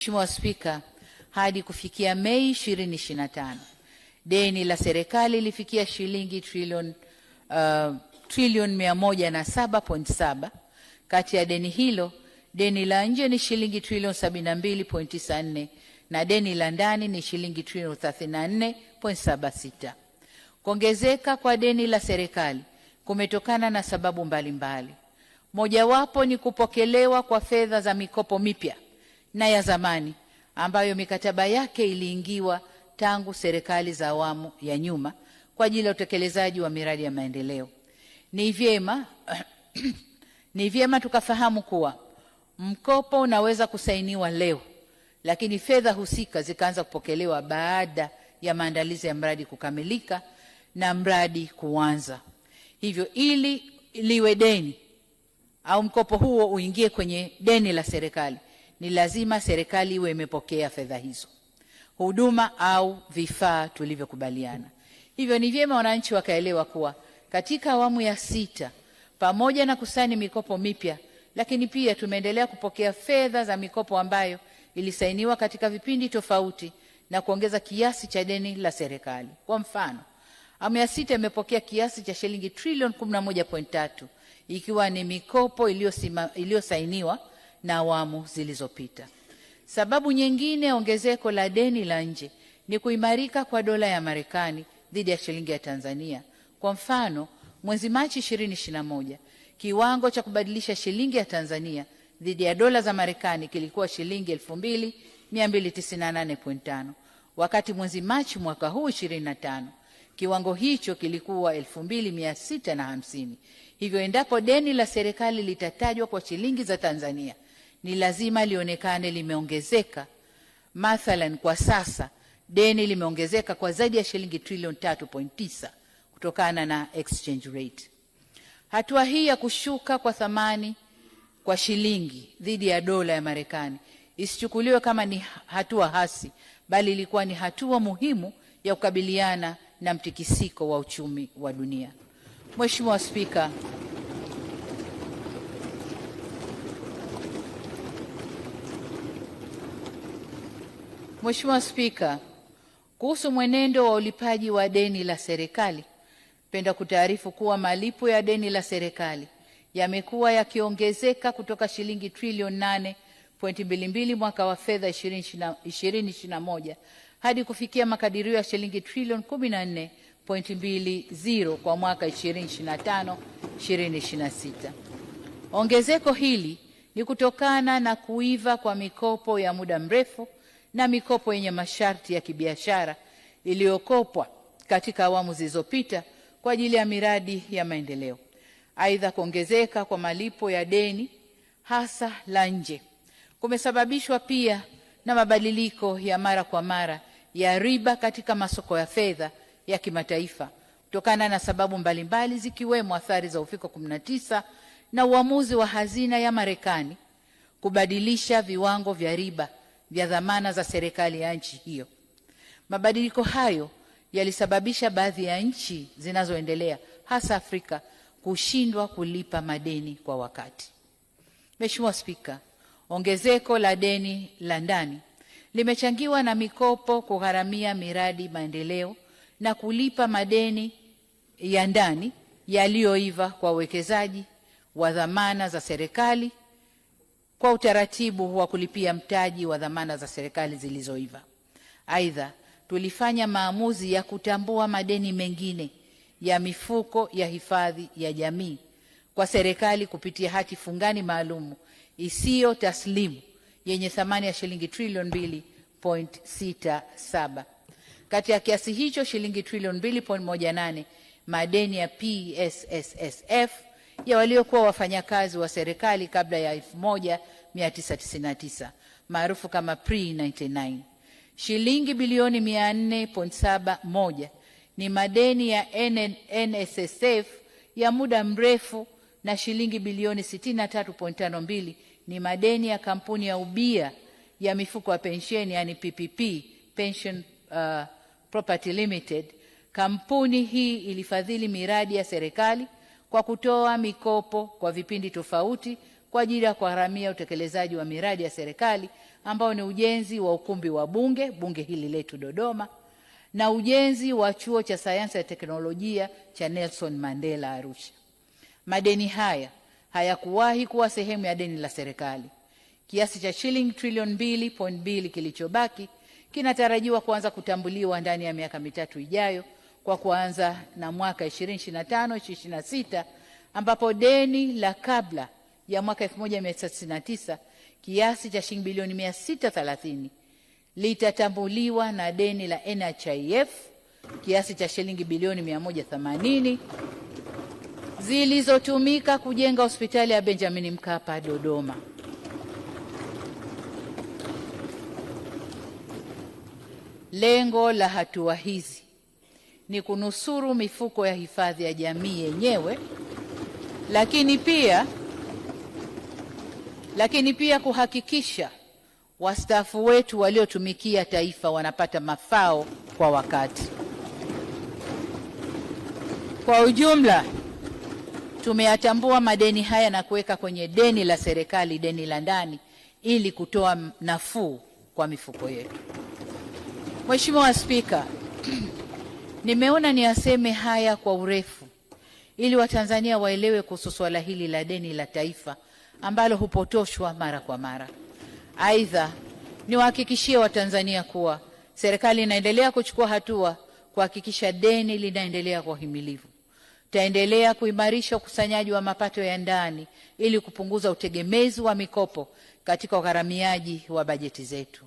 Mheshimiwa Spika, hadi kufikia Mei 2025 deni la serikali lilifikia shilingi trilioni uh, trilioni 107.7. Kati ya deni hilo deni la nje ni shilingi trilioni 72.94 na deni la ndani ni shilingi trilioni 34.76. Kuongezeka kwa deni la serikali kumetokana na sababu mbalimbali, mojawapo ni kupokelewa kwa fedha za mikopo mipya na ya zamani ambayo mikataba yake iliingiwa tangu serikali za awamu ya nyuma kwa ajili ya utekelezaji wa miradi ya maendeleo. Ni vyema ni vyema tukafahamu kuwa mkopo unaweza kusainiwa leo, lakini fedha husika zikaanza kupokelewa baada ya maandalizi ya mradi kukamilika na mradi kuanza. Hivyo ili liwe deni au mkopo huo uingie kwenye deni la serikali ni lazima serikali iwe imepokea fedha hizo, huduma au vifaa tulivyokubaliana. Hivyo ni vyema wananchi wakaelewa kuwa katika awamu ya sita, pamoja na kusaini mikopo mipya, lakini pia tumeendelea kupokea fedha za mikopo ambayo ilisainiwa katika vipindi tofauti na kuongeza kiasi cha deni la serikali. Kwa mfano, awamu ya sita imepokea kiasi cha shilingi trilioni 11.3 ikiwa ni mikopo iliyosainiwa na awamu zilizopita. Sababu nyingine ya ongezeko la deni la nje ni kuimarika kwa dola ya Marekani dhidi ya shilingi ya Tanzania. Kwa mfano, mwezi Machi 2021 kiwango cha kubadilisha shilingi ya Tanzania dhidi ya dola za Marekani kilikuwa shilingi 2298.5 wakati mwezi Machi mwaka huu 25 kiwango hicho kilikuwa 2650. Hivyo endapo deni la serikali litatajwa kwa shilingi za Tanzania ni lazima lionekane limeongezeka. Mathalan, kwa sasa deni limeongezeka kwa zaidi ya shilingi trilioni 3.9 kutokana na exchange rate. Hatua hii ya kushuka kwa thamani kwa shilingi dhidi ya dola ya Marekani isichukuliwe kama ni hatua hasi, bali ilikuwa ni hatua muhimu ya kukabiliana na mtikisiko wa uchumi wa dunia. Mheshimiwa Spika, Mheshimiwa Spika, kuhusu mwenendo wa ulipaji wa deni la serikali, napenda kutaarifu kuwa malipo ya deni la serikali yamekuwa yakiongezeka kutoka shilingi trilioni nane pointi mbili mbili mwaka wa fedha 2021 hadi kufikia makadirio ya shilingi trilioni 14.20 kwa mwaka 2025 2026. Ongezeko hili ni kutokana na kuiva kwa mikopo ya muda mrefu na mikopo yenye masharti ya kibiashara iliyokopwa katika awamu zilizopita kwa ajili ya miradi ya maendeleo. Aidha, kuongezeka kwa malipo ya deni hasa la nje kumesababishwa pia na mabadiliko ya mara kwa mara ya riba katika masoko ya fedha ya kimataifa kutokana na sababu mbalimbali zikiwemo athari za uviko 19 na uamuzi wa hazina ya Marekani kubadilisha viwango vya riba vya dhamana za serikali ya nchi hiyo. Mabadiliko hayo yalisababisha baadhi ya nchi zinazoendelea hasa Afrika kushindwa kulipa madeni kwa wakati. Mheshimiwa Spika, ongezeko la deni la ndani limechangiwa na mikopo kugharamia miradi maendeleo na kulipa madeni ya ndani yaliyoiva kwa uwekezaji wa dhamana za serikali kwa utaratibu wa kulipia mtaji wa dhamana za serikali zilizoiva. Aidha, tulifanya maamuzi ya kutambua madeni mengine ya mifuko ya hifadhi ya jamii kwa serikali kupitia hati fungani maalum isiyo taslimu yenye thamani ya shilingi trilioni 2.67. Kati ya kiasi hicho, shilingi trilioni 2.18 madeni ya PSSSF ya waliokuwa wafanyakazi wa serikali kabla ya elfu moja 1999 maarufu kama pre-99. Shilingi bilioni 400.71 ni madeni ya NSSF ya muda mrefu na shilingi bilioni 63.52 ni madeni ya kampuni ya ubia ya mifuko ya pensheni yani PPP, Pension uh, Property Limited. Kampuni hii ilifadhili miradi ya serikali kwa kutoa mikopo kwa vipindi tofauti kwa ajili ya kuharamia utekelezaji wa miradi ya serikali ambao ni ujenzi wa ukumbi wa bunge bunge hili letu Dodoma na ujenzi wa chuo cha sayansi ya teknolojia cha Nelson Mandela Arusha. Madeni haya hayakuwahi kuwa sehemu ya deni la serikali. Kiasi cha shilingi trilioni mbili kilichobaki kinatarajiwa kuanza kutambuliwa ndani ya miaka mitatu ijayo kwa kuanza na mwaka 2025 2026 ambapo deni la kabla ya mwaka 1999 kiasi cha shilingi bilioni 630 litatambuliwa na deni la NHIF kiasi cha shilingi bilioni 180 zilizotumika kujenga hospitali ya Benjamin Mkapa Dodoma. Lengo la hatua hizi ni kunusuru mifuko ya hifadhi ya jamii yenyewe, lakini pia lakini pia kuhakikisha wastaafu wetu waliotumikia taifa wanapata mafao kwa wakati. Kwa ujumla, tumeyatambua madeni haya na kuweka kwenye deni la serikali, deni la ndani, ili kutoa nafuu kwa mifuko yetu. Mheshimiwa Spika, nimeona ni aseme haya kwa urefu ili Watanzania waelewe kuhusu swala hili la deni la taifa ambalo hupotoshwa mara kwa mara. Aidha, niwahakikishie Watanzania kuwa serikali inaendelea kuchukua hatua kuhakikisha deni linaendelea kwa himilivu. Taendelea kuimarisha ukusanyaji wa mapato ya ndani ili kupunguza utegemezi wa mikopo katika ugharamiaji wa bajeti zetu.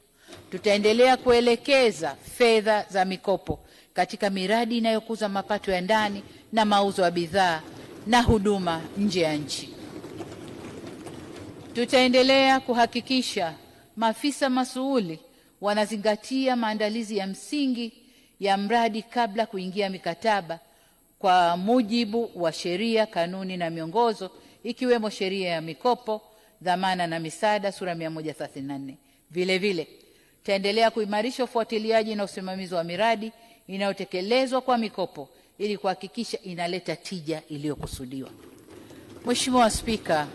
Tutaendelea kuelekeza fedha za mikopo katika miradi inayokuza mapato ya ndani na mauzo ya bidhaa na huduma nje ya nchi. Tutaendelea kuhakikisha maafisa masuuli wanazingatia maandalizi ya msingi ya mradi kabla kuingia mikataba kwa mujibu wa sheria, kanuni na miongozo ikiwemo sheria ya mikopo, dhamana na misaada sura 134. Vile vile taendelea kuimarisha ufuatiliaji na usimamizi wa miradi inayotekelezwa kwa mikopo ili kuhakikisha inaleta tija iliyokusudiwa. Mheshimiwa Spika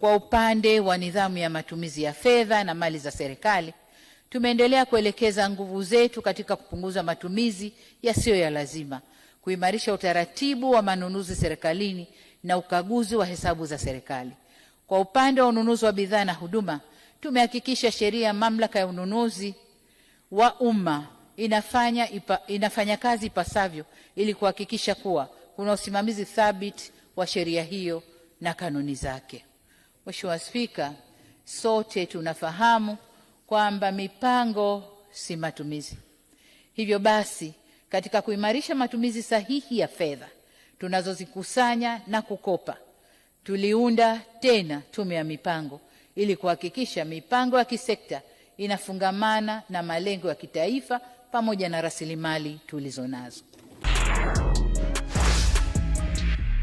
kwa upande wa nidhamu ya matumizi ya fedha na mali za serikali, tumeendelea kuelekeza nguvu zetu katika kupunguza matumizi yasiyo ya lazima, kuimarisha utaratibu wa manunuzi serikalini na ukaguzi wa hesabu za serikali. Kwa upande wa ununuzi wa bidhaa na huduma, tumehakikisha sheria ya mamlaka ya ununuzi wa umma inafanya, ipa, inafanya kazi ipasavyo ili kuhakikisha kuwa kuna usimamizi thabiti wa sheria hiyo na kanuni zake. Mheshimiwa Spika, sote tunafahamu kwamba mipango si matumizi. Hivyo basi, katika kuimarisha matumizi sahihi ya fedha tunazozikusanya na kukopa, tuliunda tena tume ya mipango ili kuhakikisha mipango ya kisekta inafungamana na malengo ya kitaifa pamoja na rasilimali tulizonazo.